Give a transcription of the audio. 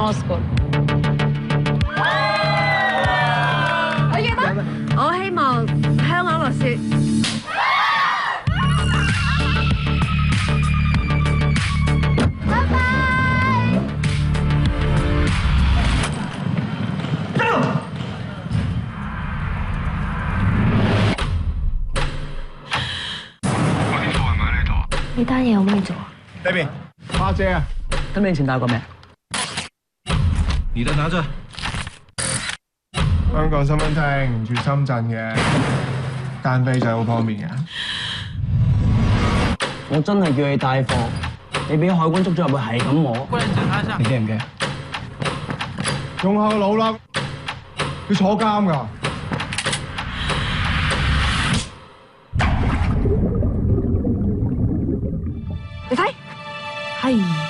我記得，我希望香港落雪。拜拜。邊個呢單嘢有咩做啊？呢邊。阿姐啊。咁你以前戴過咩？你的拿着。香港身份證住深圳嘅，單飛就好方便嘅。我真係叫你帶貨，你俾海關捉咗入去係咁我。你驚唔驚？用下個腦啦，要坐監㗎。你睇，係。